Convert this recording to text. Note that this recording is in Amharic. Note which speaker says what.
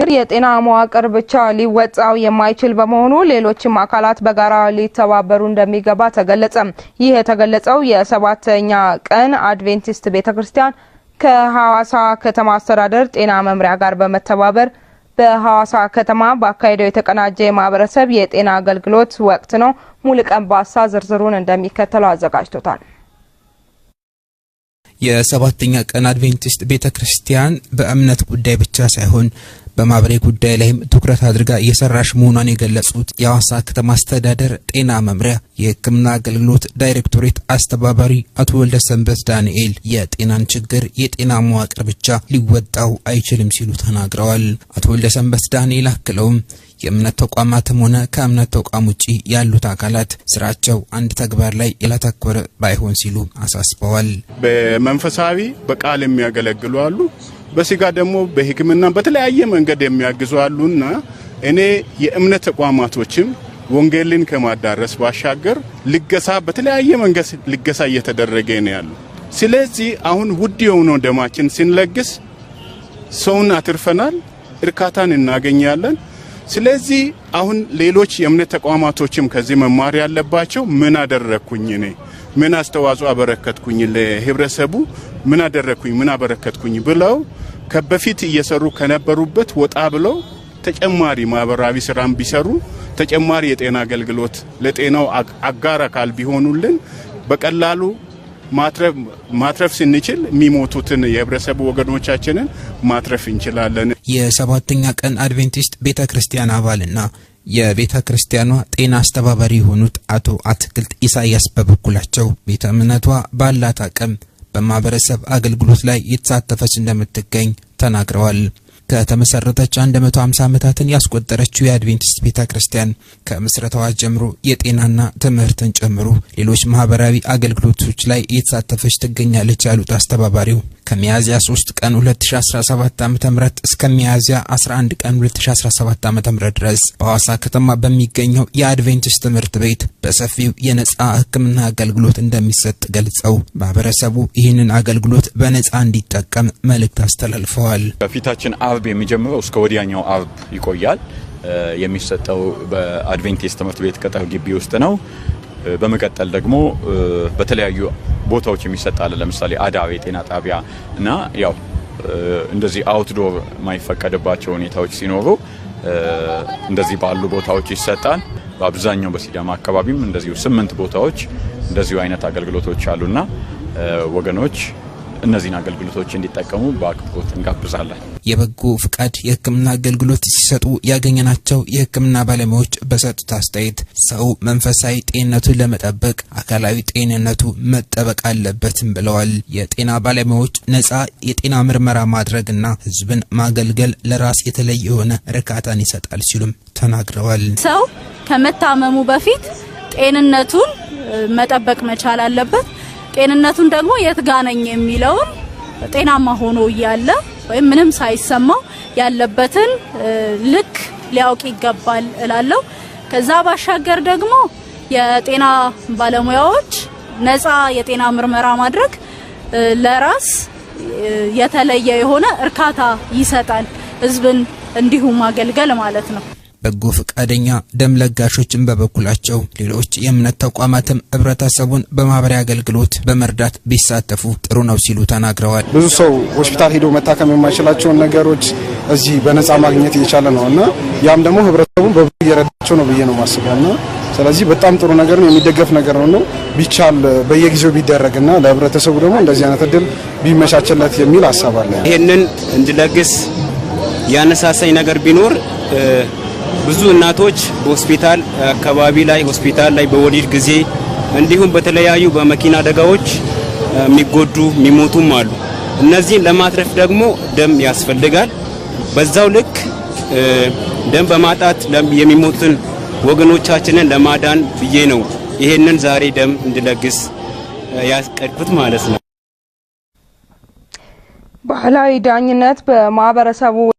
Speaker 1: ድር የጤና መዋቅር ብቻ ሊወጣው የማይችል በመሆኑ ሌሎችም አካላት በጋራ ሊተባበሩ እንደሚገባ ተገለጸ። ይህ የተገለጸው የሰባተኛ ቀን አድቬንቲስት ቤተ ክርስቲያን ከሐዋሳ ከተማ አስተዳደር ጤና መምሪያ ጋር በመተባበር በሐዋሳ ከተማ በአካሄደው የተቀናጀ የማህበረሰብ የጤና አገልግሎት ወቅት ነው። ሙሉቀን ባሳ ዝርዝሩን እንደሚከተለው አዘጋጅቶታል።
Speaker 2: የሰባተኛ ቀን አድቬንቲስት ቤተ ክርስቲያን በእምነት ጉዳይ ብቻ ሳይሆን በማህበራዊ ጉዳይ ላይም ትኩረት አድርጋ እየሰራሽ መሆኗን የገለጹት የሐዋሳ ከተማ አስተዳደር ጤና መምሪያ የሕክምና አገልግሎት ዳይሬክቶሬት አስተባባሪ አቶ ወልደ ሰንበት ዳንኤል የጤናን ችግር የጤና መዋቅር ብቻ ሊወጣው አይችልም ሲሉ ተናግረዋል። አቶ ወልደ ሰንበት ዳንኤል አክለውም የእምነት ተቋማትም ሆነ ከእምነት ተቋም ውጪ ያሉት አካላት ስራቸው አንድ ተግባር ላይ ያላተኮረ ባይሆን ሲሉ አሳስበዋል።
Speaker 3: በመንፈሳዊ በቃል የሚያገለግሉ አሉ በስጋ ደግሞ በሕክምና በተለያየ መንገድ የሚያግዙ አሉና እኔ የእምነት ተቋማቶችም ወንጌልን ከማዳረስ ባሻገር ልገሳ በተለያየ መንገድ ልገሳ እየተደረገ ነው ያሉ። ስለዚህ አሁን ውድ የሆነው ደማችን ስንለግስ ሰውን አትርፈናል፣ እርካታን እናገኛለን። ስለዚህ አሁን ሌሎች የእምነት ተቋማቶችም ከዚህ መማር ያለባቸው ምን አደረግኩኝ እኔ ምን አስተዋጽኦ አበረከትኩኝ ለህብረተሰቡ ምን አደረግኩኝ፣ ምን አበረከትኩኝ ብለው ከበፊት እየሰሩ ከነበሩበት ወጣ ብለው ተጨማሪ ማህበራዊ ስራም ቢሰሩ ተጨማሪ የጤና አገልግሎት ለጤናው አጋር አካል ቢሆኑልን በቀላሉ ማትረፍ ስንችል የሚሞቱትን የህብረተሰቡ ወገኖቻችንን ማትረፍ እንችላለን።
Speaker 2: የሰባተኛ ቀን አድቬንቲስት ቤተ ክርስቲያን አባልና የቤተ ክርስቲያኗ ጤና አስተባባሪ የሆኑት አቶ አትክልት ኢሳያስ በበኩላቸው ቤተ እምነቷ ባላት አቅም በማህበረሰብ አገልግሎት ላይ የተሳተፈች እንደምትገኝ ተናግረዋል። ከተመሰረተች 150 ዓመታትን ያስቆጠረችው የአድቬንቲስት ቤተ ክርስቲያን ከምስረታዋ ጀምሮ የጤናና ትምህርትን ጨምሮ ሌሎች ማህበራዊ አገልግሎቶች ላይ እየተሳተፈች ትገኛለች ያሉት አስተባባሪው ከሚያዝያ 3 ቀን 2017 ዓ.ም እስከ ሚያዝያ 11 ቀን 2017 ዓ.ም ድረስ በሐዋሳ ከተማ በሚገኘው የአድቬንቲስት ትምህርት ቤት በሰፊው የነጻ ሕክምና አገልግሎት እንደሚሰጥ ገልጸው ማህበረሰቡ ይህንን አገልግሎት በነጻ እንዲጠቀም መልእክት አስተላልፈዋል።
Speaker 4: በፊታችን አርብ የሚጀምረው እስከ ወዲያኛው አርብ ይቆያል። የሚሰጠው በአድቬንቲስት ትምህርት ቤት ቅጥር ግቢ ውስጥ ነው። በመቀጠል ደግሞ በተለያዩ ቦታዎች የሚሰጣለ ለምሳሌ አዳር የጤና ጣቢያ እና ያው እንደዚህ አውትዶር የማይፈቀድባቸው ሁኔታዎች ሲኖሩ እንደዚህ ባሉ ቦታዎች ይሰጣል። በአብዛኛው በሲዳማ አካባቢም እንደዚሁ ስምንት ቦታዎች እንደዚሁ አይነት አገልግሎቶች አሉና ወገኖች እነዚህን አገልግሎቶች እንዲጠቀሙ በአክብሮት እንጋብዛለን።
Speaker 2: የበጎ ፍቃድ የሕክምና አገልግሎት ሲሰጡ ያገኘናቸው የሕክምና ባለሙያዎች በሰጡት አስተያየት ሰው መንፈሳዊ ጤንነቱን ለመጠበቅ አካላዊ ጤንነቱ መጠበቅ አለበትም ብለዋል። የጤና ባለሙያዎች ነጻ የጤና ምርመራ ማድረግና ህዝብን ማገልገል ለራስ የተለየ የሆነ እርካታን ይሰጣል ሲሉም ተናግረዋል።
Speaker 5: ሰው ከመታመሙ በፊት ጤንነቱን መጠበቅ መቻል አለበት። ጤንነቱን ደግሞ የት ጋ ነኝ የሚለውን ጤናማ ሆኖ እያለ ወይም ምንም ሳይሰማው ያለበትን ልክ ሊያውቅ ይገባል እላለሁ። ከዛ ባሻገር ደግሞ የጤና ባለሙያዎች ነፃ የጤና ምርመራ ማድረግ ለራስ የተለየ የሆነ እርካታ ይሰጣል፣ ህዝብን እንዲሁ ማገልገል ማለት ነው።
Speaker 2: በጎ ፈቃደኛ ደም ለጋሾችን በበኩላቸው ሌሎች የእምነት ተቋማትም ህብረተሰቡን በማህበራዊ አገልግሎት በመርዳት ቢሳተፉ ጥሩ ነው ሲሉ ተናግረዋል።
Speaker 6: ብዙ ሰው ሆስፒታል ሄዶ መታከም የማይችላቸውን ነገሮች እዚህ በነጻ ማግኘት እየቻለ ነው እና ያም ደግሞ ህብረተሰቡን በብዙ እየረዳቸው ነው ብዬ ነው ማስበው እና ስለዚህ በጣም ጥሩ ነገር ነው፣ የሚደገፍ ነገር ነው። ቢቻል በየጊዜው ቢደረግና ለህብረተሰቡ ደግሞ እንደዚህ አይነት እድል ቢመቻችለት የሚል ሀሳብ አለ።
Speaker 7: ይህንን እንድለግስ ያነሳሳኝ ነገር ቢኖር ብዙ እናቶች በሆስፒታል አካባቢ ላይ ሆስፒታል ላይ በወሊድ ጊዜ እንዲሁም በተለያዩ በመኪና አደጋዎች የሚጎዱ የሚሞቱም አሉ። እነዚህን ለማትረፍ ደግሞ ደም ያስፈልጋል። በዛው ልክ ደም በማጣት የሚሞቱን ወገኖቻችንን ለማዳን ብዬ ነው ይሄንን ዛሬ ደም እንድለግስ ያስቀድኩት ማለት ነው።
Speaker 1: ባህላዊ ዳኝነት በማህበረሰቡ